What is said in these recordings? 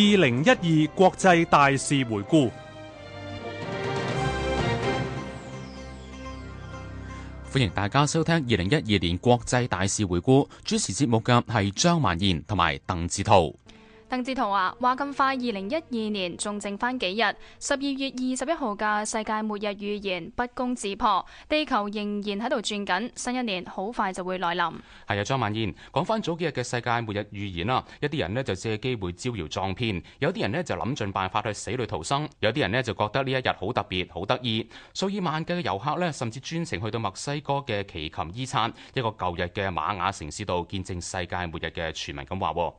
二零一二國際大事回顧，歡迎大家收聽二零一二年國際大事回顧。主持節目嘅係張萬賢同埋鄧志濤。鄧志圖話、啊：話咁快，二零一二年仲剩翻，幾日，十二月二十一號嘅世界末日預言不攻自破，地球仍然喺度轉緊，新一年好快就會來臨。係啊，張曼燕，講翻早幾日嘅世界末日預言啦，一啲人呢就借機會招搖撞騙，有啲人呢就諗盡辦法去死裏逃生，有啲人呢就覺得呢一日好特別、好得意，數以萬計嘅遊客呢，甚至專程去到墨西哥嘅奇琴伊察一個舊日嘅瑪雅城市度見證世界末日嘅傳聞咁話。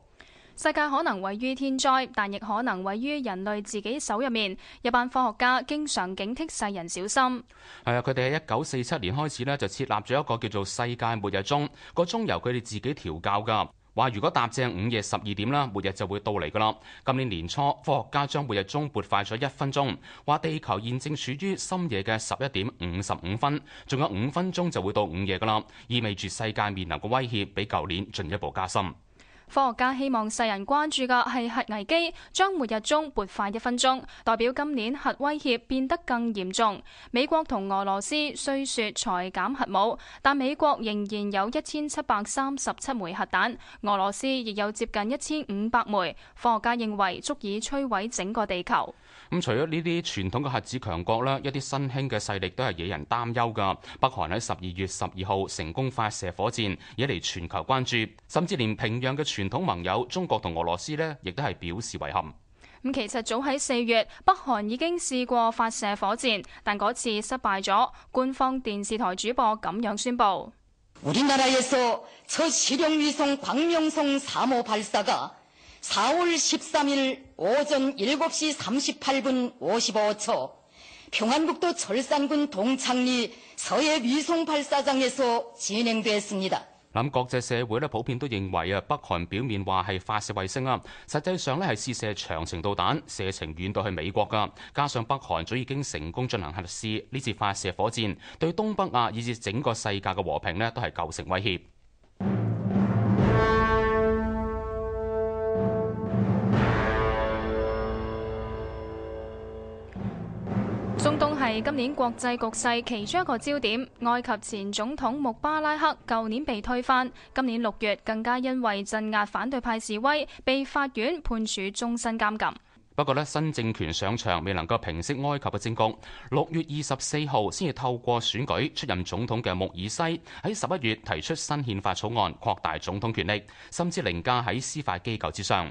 世界可能位於天災，但亦可能位於人類自己手入面。有班科學家經常警惕世人小心。係啊，佢哋喺一九四七年開始呢，就設立咗一個叫做世界末日鐘，個鐘由佢哋自己調教噶。話如果踏正午夜十二點啦，末日就會到嚟噶啦。今年年初，科學家將末日鐘撥快咗一分鐘，話地球現正處於深夜嘅十一點五十五分，仲有五分鐘就會到午夜噶啦，意味住世界面臨嘅威脅比舊年進一步加深。科學家希望世人關注嘅係核危機，將末日鐘撥快一分鐘，代表今年核威脅變得更嚴重。美國同俄羅斯雖說裁減核武，但美國仍然有一千七百三十七枚核彈，俄羅斯亦有接近一千五百枚。科學家認為足以摧毀整個地球。咁除咗呢啲傳統嘅核子強國呢，一啲新興嘅勢力都係惹人擔憂嘅。北韓喺十二月十二號成功發射火箭，惹嚟全球關注，甚至連平壤嘅全傳統盟友中國同俄羅斯呢，亦都係表示遺憾。咁其實早喺四月，北韓已經試過發射火箭，但嗰次失敗咗。官方電視台主播咁樣宣布。諗國際社會咧，普遍都認為啊，北韓表面話係發射衛星啊，實際上咧係試射長程導彈，射程遠到去美國㗎。加上北韓早已經成功進行核試，呢次發射火箭對東北亞以至整個世界嘅和平咧，都係構成威脅。今年國際局勢其中一個焦點，埃及前總統穆巴拉克舊年被推翻，今年六月更加因為鎮壓反對派示威，被法院判處終身監禁。不過呢，新政權上場未能夠平息埃及嘅政局。六月二十四號先至透過選舉出任總統嘅穆爾西，喺十一月提出新憲法草案，擴大總統權力，甚至凌駕喺司法機構之上。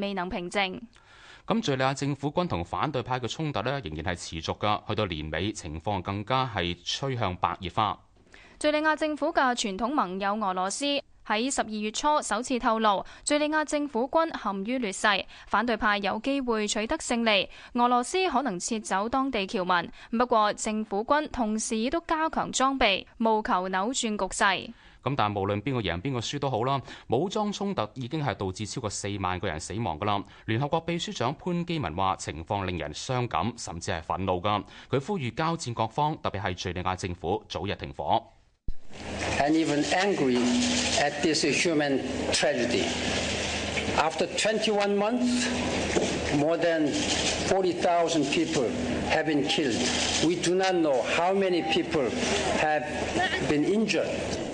未能平靜。咁敍利亞政府軍同反對派嘅衝突呢，仍然係持續㗎。去到年尾，情況更加係趨向白熱化。敍利亞政府嘅傳統盟友俄羅斯喺十二月初首次透露，敍利亞政府軍陷於劣勢，反對派有機會取得勝利。俄羅斯可能撤走當地僑民，不過政府軍同時亦都加強裝備，務求扭轉局勢。咁但係無論邊個贏邊個輸都好啦，武裝衝突已經係導致超過四萬個人死亡㗎喇。聯合國秘書長潘基文話：情況令人傷感，甚至係憤怒㗎。佢呼籲交戰各方，特別係敘利亞政府，早日停火。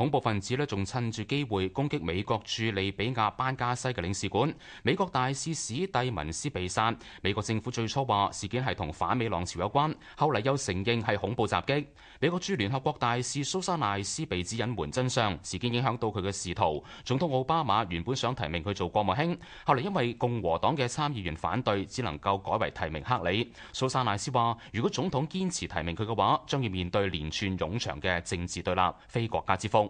恐怖分子呢，仲趁住機會攻擊美國駐利比亞班加西嘅領事館，美國大使史蒂文斯被殺。美國政府最初話事件係同反美浪潮有關，後嚟又承認係恐怖襲擊。美國駐聯合國大使蘇珊賴斯被指隱瞞真相，事件影響到佢嘅仕途。總統奧巴馬原本想提名佢做國務卿，後嚟因為共和黨嘅參議員反對，只能夠改為提名克里。蘇珊賴斯話：如果總統堅持提名佢嘅話，將要面對連串冗長嘅政治對立，非國家之風。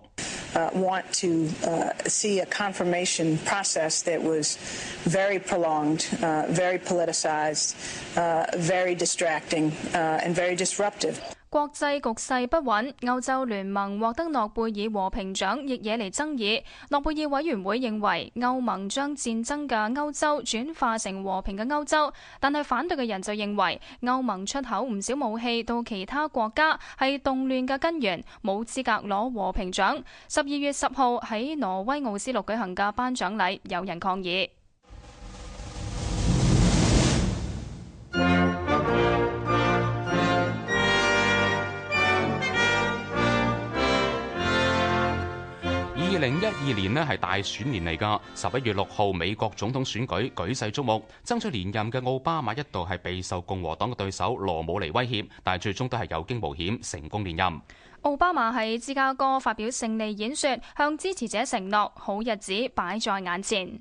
國際局勢不穩，歐洲聯盟獲得諾貝爾和平獎，亦惹嚟爭議。諾貝爾委員會認為歐盟將戰爭嘅歐洲轉化成和平嘅歐洲，但係反對嘅人就認為歐盟出口唔少武器到其他國家係動亂嘅根源，冇資格攞和平獎。十二月十號喺挪威奧斯陸舉行嘅頒獎禮，有人抗議。二零一二年呢係大選年嚟噶，十一月六號美國總統選舉舉世矚目，爭取連任嘅奧巴馬一度係備受共和黨嘅對手羅姆尼威脅，但係最終都係有驚無險成功連任。奧巴馬喺芝加哥發表勝利演說，向支持者承諾好日子擺在眼前。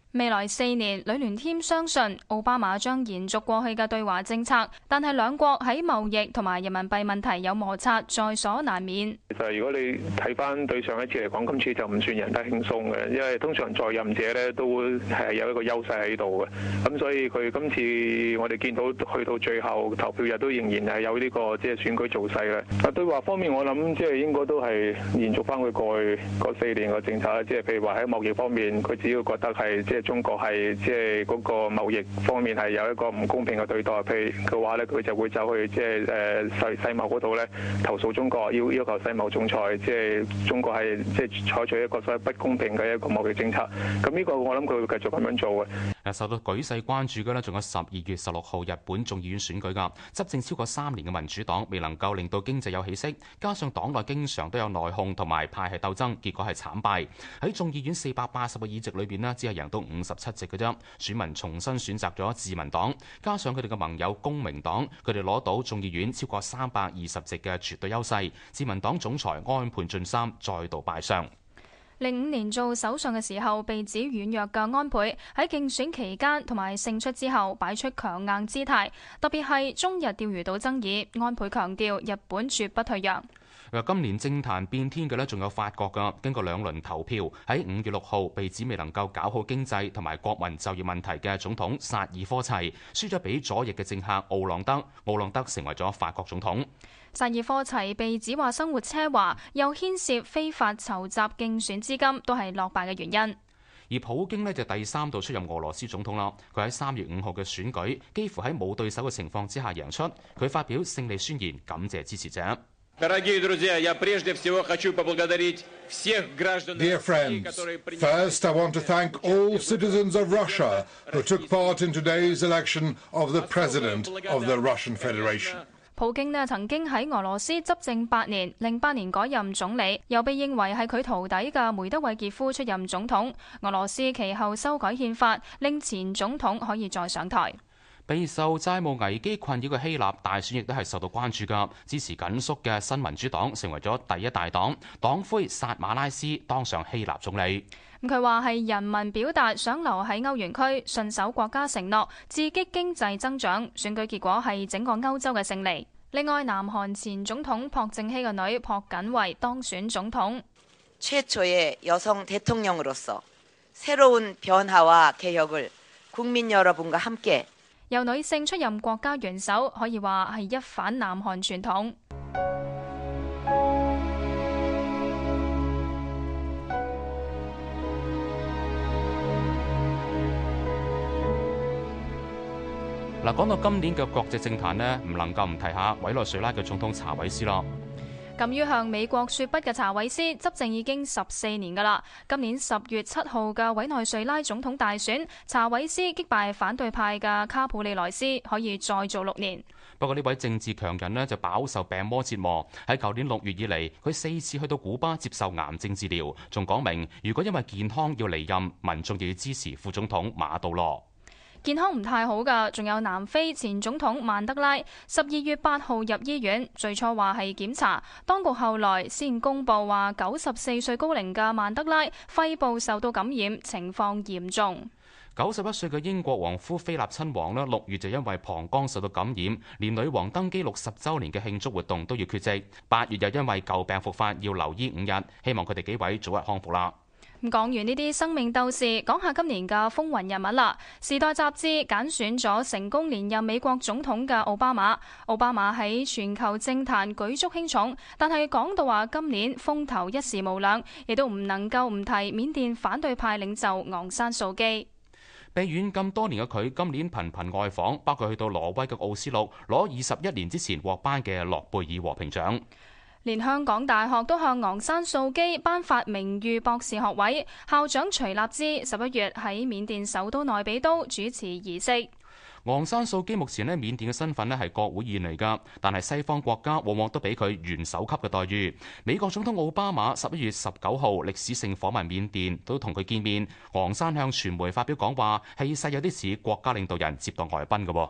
未來四年，呂聯添相信奧巴馬將延續過去嘅對華政策，但係兩國喺貿易同埋人民幣問題有摩擦，在所難免。其實如果你睇翻對上一次嚟講，今次就唔算人得輕鬆嘅，因為通常在任者咧都會係有一個優勢喺度嘅。咁所以佢今次我哋見到去到最後投票日都仍然係有呢、這個即係、就是、選舉造勢嘅。啊，對華方面我諗即係應該都係延續翻佢過去四年嘅政策啦，即係譬如話喺貿易方面，佢只要覺得係即係。中國係即係嗰個貿易方面係有一個唔公平嘅對待，譬如嘅話咧，佢就會走去即係誒世世貿嗰度咧投訴中國要，要要求世貿仲裁，即係中國係即係採取一個所謂不公平嘅一個貿易政策。咁呢個我諗佢會繼續咁樣做嘅。嗱，受到舉世關注嘅咧，仲有十二月十六號日本眾議院選舉㗎。執政超過三年嘅民主黨未能夠令到經濟有起色，加上黨內經常都有內訌同埋派系鬥爭，結果係慘敗。喺眾議院四百八十個議席裏邊呢，只係贏到五十七席嘅啫。選民重新選擇咗自民黨，加上佢哋嘅盟友公明黨，佢哋攞到眾議院超過三百二十席嘅絕對優勢。自民黨總裁安倍晉三再度拜相。零五年做首相嘅時候被指軟弱嘅安倍，喺競選期間同埋勝出之後擺出強硬姿態，特別係中日釣魚島爭議，安倍強調日本絕不退讓。今年政壇變天嘅呢，仲有法國嘅。經過兩輪投票，喺五月六號被指未能夠搞好經濟同埋國民就業問題嘅總統薩爾科齊，輸咗俾左翼嘅政客奧朗德，奧朗德成為咗法國總統。薩爾科齊被指話生活奢華，又牽涉非法籌集競選資金，都係落敗嘅原因。而普京呢，就第三度出任俄羅斯總統啦。佢喺三月五號嘅選舉，幾乎喺冇對手嘅情況之下贏出，佢發表勝利宣言，感謝支持者。Friends, 普京呢，曾經喺俄羅斯執政八年，零八年改任總理，又被認為係佢徒弟嘅梅德韋傑夫出任總統。俄羅斯其後修改憲法，令前總統可以再上台。備受債務危機困擾嘅希臘大選亦都係受到關注㗎。支持緊縮嘅新民主黨成為咗第一大黨，黨魁薩馬拉斯當上希臘總理。咁佢話係人民表達想留喺歐元區，信守國家承諾，刺激經濟增長。選舉結果係整個歐洲嘅勝利。另外，南韓前總統朴正熙嘅女朴槿惠當選總統。由女性出任國家元首，可以話係一反南韓傳統。嗱，講到今年嘅國際政壇呢，唔能夠唔提下委內瑞拉嘅總統查韋斯咯。敢於向美國說不嘅查韋斯執政已經十四年㗎啦。今年十月七號嘅委內瑞拉總統大選，查韋斯擊敗反對派嘅卡普里萊斯，可以再做六年。不過呢位政治強人呢，就飽受病魔折磨，喺舊年六月以嚟，佢四次去到古巴接受癌症治療，仲講明如果因為健康要離任，民眾就要支持副總統馬杜羅。健康唔太好㗎，仲有南非前總統曼德拉，十二月八號入醫院，最初話係檢查，當局後來先公布話九十四歲高齡嘅曼德拉肺部受到感染，情況嚴重。九十一歲嘅英國王夫菲臘親王呢，六月就因為膀胱受到感染，連女王登基六十週年嘅慶祝活動都要缺席。八月又因為舊病復發，要留醫五日，希望佢哋幾位早日康復啦。講完呢啲生命鬥士，講下今年嘅風雲人物啦。《時代》雜誌揀選咗成功連任美國總統嘅奧巴馬。奧巴馬喺全球政壇舉足輕重，但係講到話今年風頭一時無兩，亦都唔能夠唔提緬甸反對派領袖昂山素基。被軟禁多年嘅佢，今年頻頻外訪，包括去到挪威嘅奧斯陸攞二十一年之前獲頒嘅諾貝爾和平獎。連香港大學都向昂山素姬頒發名譽博士學位，校長徐立之十一月喺緬甸首都內比都主持儀式。昂山素姬目前喺緬甸嘅身份咧係國會議員嚟噶，但係西方國家往往都俾佢元首級嘅待遇。美國總統奧巴馬十一月十九號歷史性訪問緬甸，都同佢見面。昂山向傳媒發表講話，氣勢有啲似國家領導人接待外賓嘅。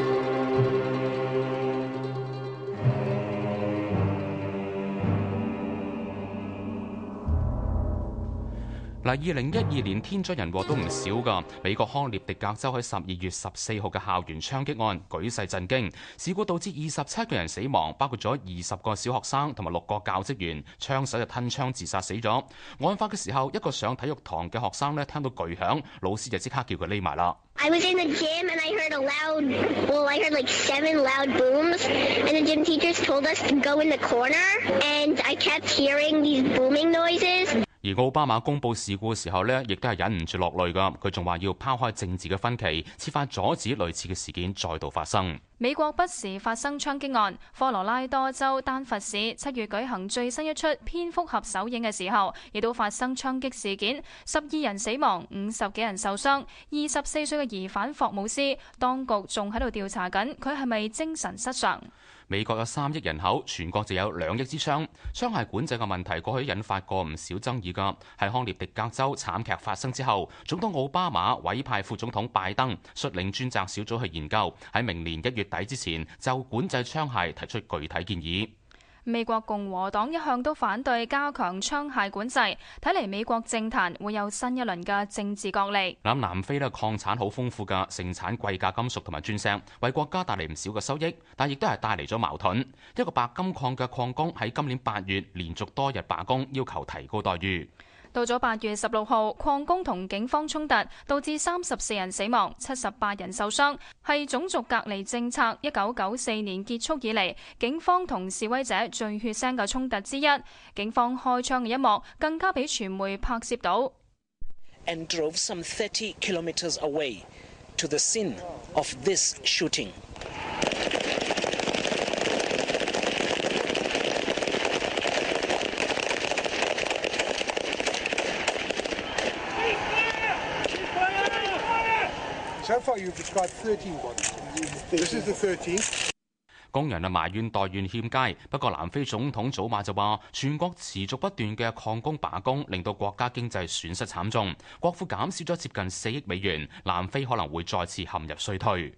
嗱，二零一二年天災人禍都唔少㗎。美國康涅狄格州喺十二月十四號嘅校園槍擊案舉世震驚，事故導致二十七個人死亡，包括咗二十個小學生同埋六個教職員，槍手就吞槍自殺死咗。案發嘅時候，一個上體育堂嘅學生呢聽到巨響，老師就即刻叫佢匿埋啦。I was in the gym and I heard a loud, well, I heard like seven loud booms, and the gym teachers told us to go in the corner, and I kept hearing these booming noises. 而奧巴馬公布事故嘅時候呢，亦都係忍唔住落淚噶。佢仲話要拋開政治嘅分歧，設法阻止類似嘅事件再度發生。美國不時發生槍擊案，科羅拉多州丹佛市七月舉行最新一出蝙蝠俠首映嘅時候，亦都發生槍擊事件，十二人死亡，五十幾人受傷。二十四歲嘅疑犯霍姆斯，當局仲喺度調查緊，佢係咪精神失常？美國有三億人口，全國就有兩億支槍，槍械管制嘅問題過去引發過唔少爭議㗎。喺康涅狄格州慘劇發生之後，總統奧巴馬委派副總統拜登率領專責小組去研究，喺明年一月底之前就管制槍械提出具體建議。美國共和黨一向都反對加強槍械管制，睇嚟美國政壇會有新一輪嘅政治角力。南非嘅礦產好豐富嘅盛產貴價金屬同埋鑽石，為國家帶嚟唔少嘅收益，但亦都係帶嚟咗矛盾。一個白金礦嘅礦工喺今年八月連續多日罷工，要求提高待遇。到咗八月十六號，礦工同警方衝突，導致三十四人死亡、七十八人受傷，係種族隔離政策一九九四年結束以嚟，警方同示威者最血腥嘅衝突之一。警方開槍嘅一幕，更加俾傳媒拍攝到。工人啊埋怨待遇欠佳，不過南非總統祖馬就話，全國持續不斷嘅礦工罷工，令到國家經濟損失慘重，國庫減少咗接近四億美元，南非可能會再次陷入衰退。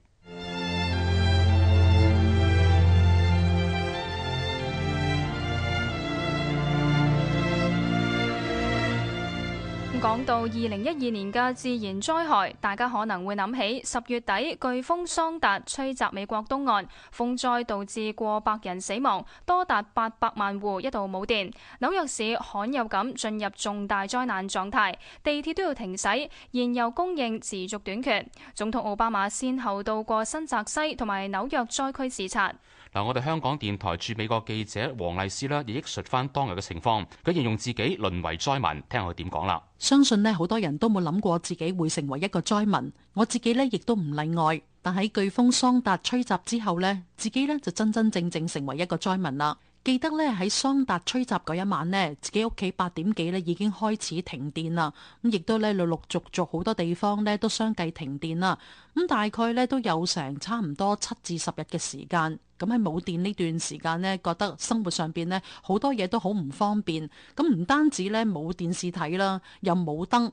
講到二零一二年嘅自然災害，大家可能會諗起十月底颶風桑達吹襲美國東岸，風災導致過百人死亡，多達八百萬戶一度冇電，紐約市罕有咁進入重大災難狀態，地鐵都要停駛，燃油供應持續短缺。總統奧巴馬先後到過新澤西同埋紐約災區視察。嗱，我哋香港電台駐美國記者黃麗詩啦，亦憶述翻當日嘅情況。佢形容自己淪為災民，聽下佢點講啦。相信呢，好多人都冇諗過自己會成為一個災民，我自己呢亦都唔例外。但喺颶風桑達吹襲之後呢，自己呢就真真正正成為一個災民啦。記得咧喺桑達吹襲嗰一晚呢，自己屋企八點幾咧已經開始停電啦，咁亦都咧陸陸續續好多地方咧都相繼停電啦，咁大概咧都有成差唔多七至十日嘅時間，咁喺冇電呢段時間呢，覺得生活上邊呢好多嘢都好唔方便，咁唔單止咧冇電視睇啦，又冇燈。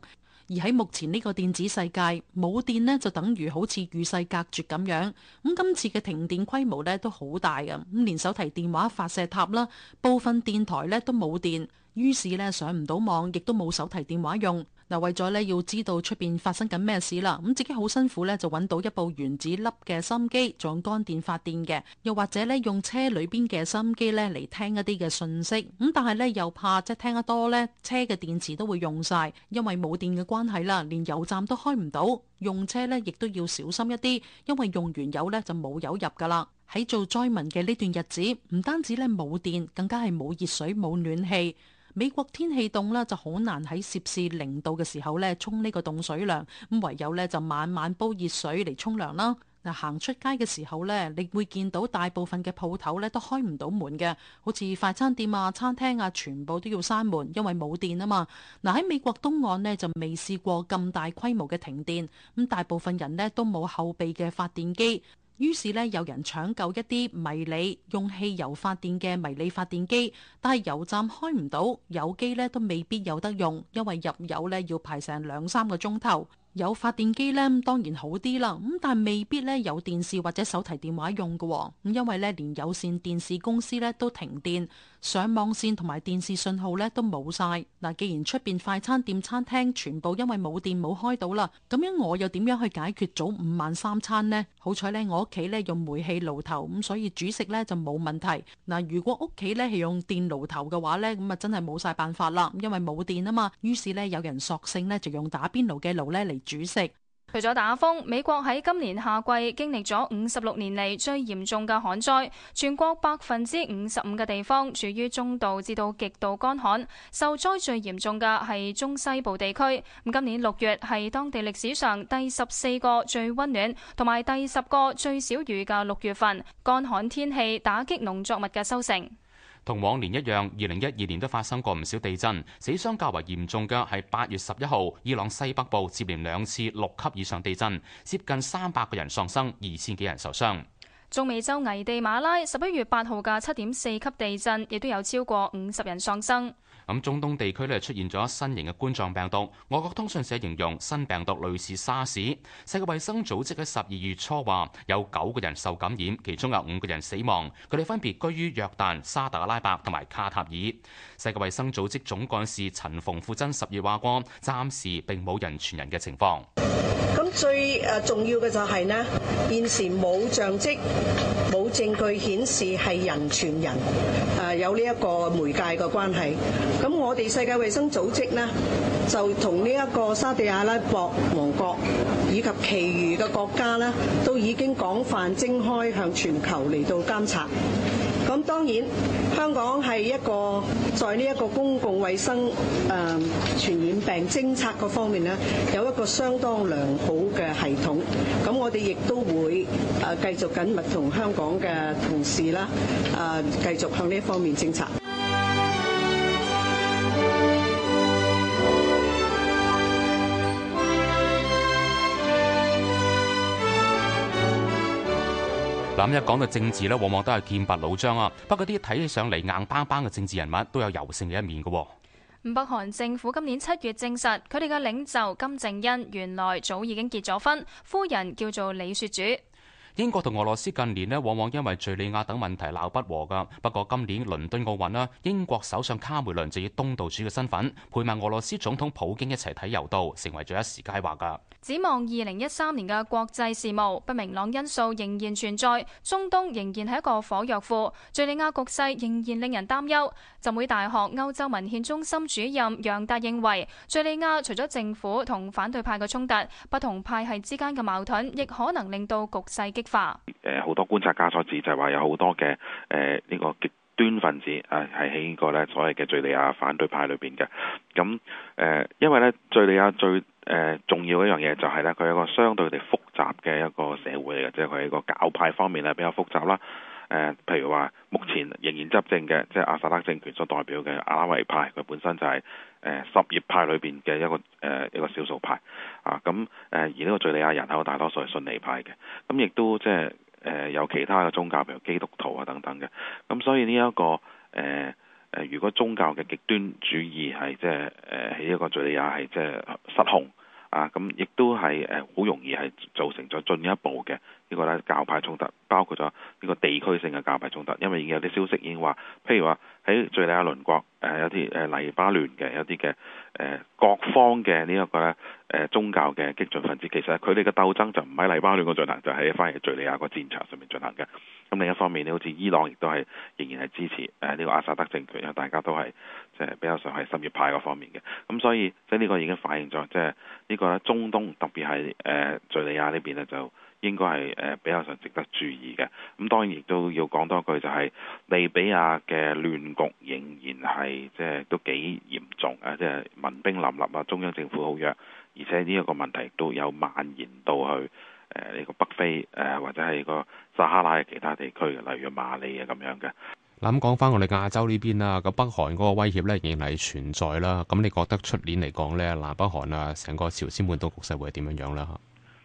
而喺目前呢個電子世界，冇電呢就等於好似與世隔絕咁樣。咁今次嘅停電規模呢都好大㗎，咁連手提電話發射塔啦，部分電台呢都冇電。於是咧上唔到網，亦都冇手提電話用。嗱，為咗咧要知道出邊發生緊咩事啦，咁自己好辛苦咧，就揾到一部原子粒嘅心機，用乾電發電嘅，又或者咧用車裏邊嘅心機咧嚟聽一啲嘅信息。咁但係咧又怕即係聽得多咧，車嘅電池都會用晒，因為冇電嘅關係啦，連油站都開唔到，用車咧亦都要小心一啲，因為用完油咧就冇油入噶啦。喺做災民嘅呢段日子，唔單止咧冇電，更加係冇熱水、冇暖氣。美國天氣凍啦，就好難喺攝氏零度嘅時候咧沖呢個凍水涼咁，唯有咧就慢慢煲熱水嚟沖涼啦。嗱，行出街嘅時候咧，你會見到大部分嘅鋪頭咧都開唔到門嘅，好似快餐店啊、餐廳啊，全部都要閂門，因為冇電啊嘛。嗱，喺美國東岸呢，就未試過咁大規模嘅停電，咁大部分人呢，都冇後備嘅發電機。於是咧，有人搶救一啲迷你用汽油發電嘅迷你發電機，但係油站開唔到，有機咧都未必有得用，因為入油咧要排成兩三個鐘頭。有發電機咧，當然好啲啦，咁但未必咧有電視或者手提電話用㗎喎，咁因為咧連有線電視公司咧都停電。上網線同埋電視信號咧都冇晒嗱，既然出面快餐店、餐廳全部因為冇電冇開到啦，咁樣我又點樣去解決早午晚三餐呢？好彩咧，我屋企咧用煤氣爐頭咁，所以煮食咧就冇問題嗱。如果屋企咧係用電爐頭嘅話咧，咁啊真係冇晒辦法啦，因為冇電啊嘛。於是咧有人索性咧就用打邊爐嘅爐咧嚟煮食。除咗打風，美國喺今年夏季經歷咗五十六年嚟最嚴重嘅旱災，全國百分之五十五嘅地方處於中度至到極度乾旱。受災最嚴重嘅係中西部地區。今年六月係當地歷史上第十四個最溫暖同埋第十個最少雨嘅六月份，乾旱天氣打擊農作物嘅收成。同往年一樣，二零一二年都發生過唔少地震，死傷較為嚴重嘅係八月十一號，伊朗西北部接連兩次六級以上地震，接近三百個人喪生，二千幾人受傷。中美洲危地馬拉十一月八號嘅七點四級地震，亦都有超過五十人喪生。咁，中東地區咧出現咗新型嘅冠狀病毒。外國通訊社形容新病毒類似沙士。世界衛生組織喺十二月初話，有九個人受感染，其中有五個人死亡。佢哋分別居於約旦、沙特阿拉伯同埋卡塔爾。世界衛生組織總幹事陳馮富珍十月話過，暫時並冇人傳人嘅情況。咁最誒重要嘅就係呢，現時冇跡象，冇證據顯示係人傳人，誒有呢一個媒介嘅關係。咁我哋世界衛生組織咧，就同呢一個沙地阿拉伯王國以及其餘嘅國家咧，都已經廣泛征開向全球嚟到監察。咁當然，香港係一個在呢一個公共衛生誒、呃、傳染病偵測嗰方面咧，有一個相當良好嘅系統，咁我哋亦都會誒、呃、繼續緊密同香港嘅同事啦，誒、呃、繼續向呢一方面偵察。咁一講到政治咧，往往都係劍拔弩張啊。不過啲睇起上嚟硬邦邦嘅政治人物，都有柔性嘅一面嘅。喎，北韓政府今年七月證實，佢哋嘅領袖金正恩原來早已經結咗婚，夫人叫做李雪主。英國同俄羅斯近年咧，往往因為敍利亞等問題鬧不和噶。不過今年倫敦奧運咧，英國首相卡梅倫就以東道主嘅身份，陪埋俄羅斯總統普京一齊睇柔道，成為咗一時佳話噶。展望二零一三年嘅國際事務，不明朗因素仍然存在，中東仍然係一個火藥庫，敍利亞局勢仍然令人擔憂。浸會大學歐洲文獻中心主任楊達認為，敍利亞除咗政府同反對派嘅衝突，不同派系之間嘅矛盾，亦可能令到局勢誒，好多觀察家所指就係、是、話有好多嘅，誒、呃，呢、這個極端分子啊，係喺呢個咧所謂嘅敍利亞反對派裏邊嘅。咁、嗯，誒、呃，因為咧敍利亞最，誒、呃，重要一樣嘢就係咧，佢係一個相對地複雜嘅一個社會嚟嘅，即係佢係一個教派方面咧比較複雜啦。誒、呃，譬如話目前仍然執政嘅，即係阿薩德政權所代表嘅阿拉維派，佢本身就係、是。誒、呃、什葉派裏邊嘅一個誒、呃、一個少數派啊，咁、呃、誒而呢個敍利亞人口大多數係遜尼派嘅，咁、呃、亦都即係誒有其他嘅宗教譬如基督徒啊等等嘅，咁、啊、所以呢、這、一個誒誒、呃、如果宗教嘅極端主義係即係誒喺呢個敍利亞係即係失控啊，咁亦都係誒好容易係造成咗進一步嘅。呢個咧教派衝突，包括咗呢個地區性嘅教派衝突，因為已經有啲消息已經話，譬如話喺敍利亞鄰國，誒有啲誒黎巴嫩嘅有啲嘅誒各方嘅呢一個咧誒宗教嘅激進分子，其實佢哋嘅鬥爭就唔喺黎巴嫩個進行，就喺翻嚟敍利亞個戰場上面進行嘅。咁另一方面你好似伊朗亦都係仍然係支持誒呢個阿薩德政權，因為大家都係即係比較上係什葉派嗰方面嘅。咁所以即係呢個已經反映咗，即係呢個咧中東特別係誒敍利亞呢邊咧就。應該係誒比較上值得注意嘅，咁當然亦都要講多句就係、是、利比亞嘅亂局仍然係即係都幾嚴重啊！即、就、係、是、民兵林立啊，中央政府好弱，而且呢一個問題都有蔓延到去誒呢個北非誒、呃、或者係個撒哈拉嘅其他地區嘅，例如馬里嘅咁樣嘅。嗱咁講翻我哋亞洲呢邊啦，咁北韓嗰個威脅咧仍然係存在啦。咁你覺得出年嚟講咧，南北韓啊，成個朝鮮半島局勢會係點樣樣啦？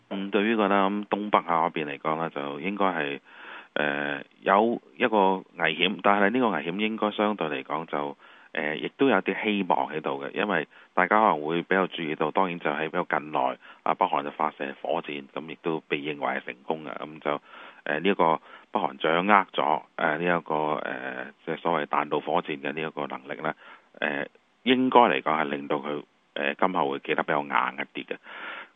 嗯，對於個呢咁東北亞嗰邊嚟講呢就應該係誒有一個危險，但係呢個危險應該相對嚟講就誒亦、呃、都有啲希望喺度嘅，因為大家可能會比較注意到，當然就係比較近內啊，北韓就發射火箭，咁亦都被認為係成功嘅，咁、嗯、就誒呢一個北韓掌握咗誒呢一個誒即係所謂彈道火箭嘅呢一個能力呢誒、呃、應該嚟講係令到佢誒、呃、今後會企得比較硬一啲嘅。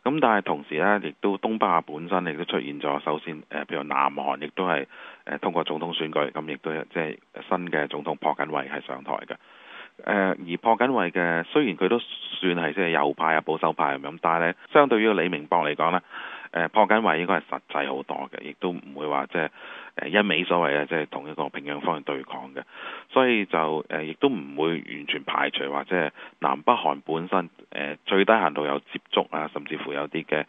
咁但係同時咧，亦都東北亞本身亦都出現咗，首先誒，譬如南韓亦都係誒通過總統選舉，咁亦都即係新嘅總統朴槿惠係上台嘅。誒、呃、而朴槿惠嘅雖然佢都算係即係右派啊保守派咁，但係咧相對於李明博嚟講咧。誒朴槿惠應該係實際好多嘅，亦都唔會話即係誒一味所謂嘅即係同一個平壤方面對抗嘅，所以就誒亦都唔會完全排除話即係南北韓本身誒、呃、最低限度有接觸啊，甚至乎有啲嘅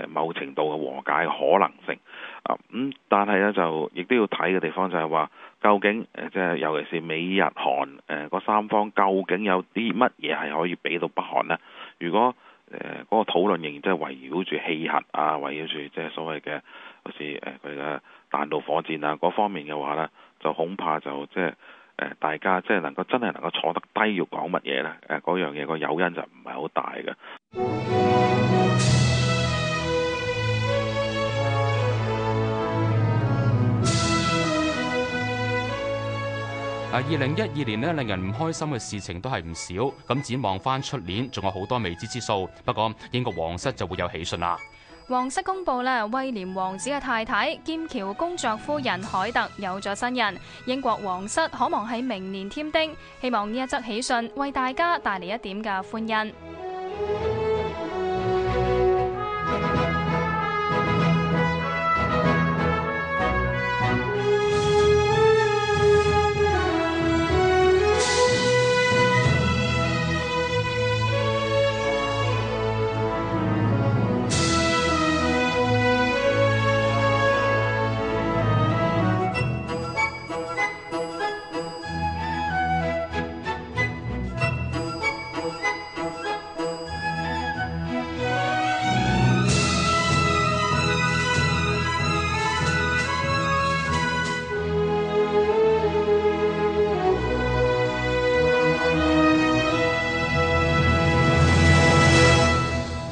誒誒某程度嘅和解嘅可能性啊，咁、呃、但係咧就亦都要睇嘅地方就係、是、話究竟誒即係尤其是美日韓誒嗰、呃、三方究竟有啲乜嘢係可以俾到北韓呢？如果個討論仍然即係圍繞住氣核啊，圍繞住即係所謂嘅好似誒佢嘅彈道火箭啊嗰方面嘅話呢，就恐怕就即係大家即係能夠真係能夠坐得低，要講乜嘢呢？誒嗰樣嘢個誘因就唔係好大嘅。 二零一二年咧，令人唔開心嘅事情都係唔少，咁展望翻出年，仲有好多未知之數。不過英國皇室就會有喜訊啦！皇室公布啦，威廉王子嘅太太劍橋公爵夫人凱特有咗新人，英國皇室可望喺明年添丁，希望呢一則喜訊為大家帶嚟一點嘅歡欣。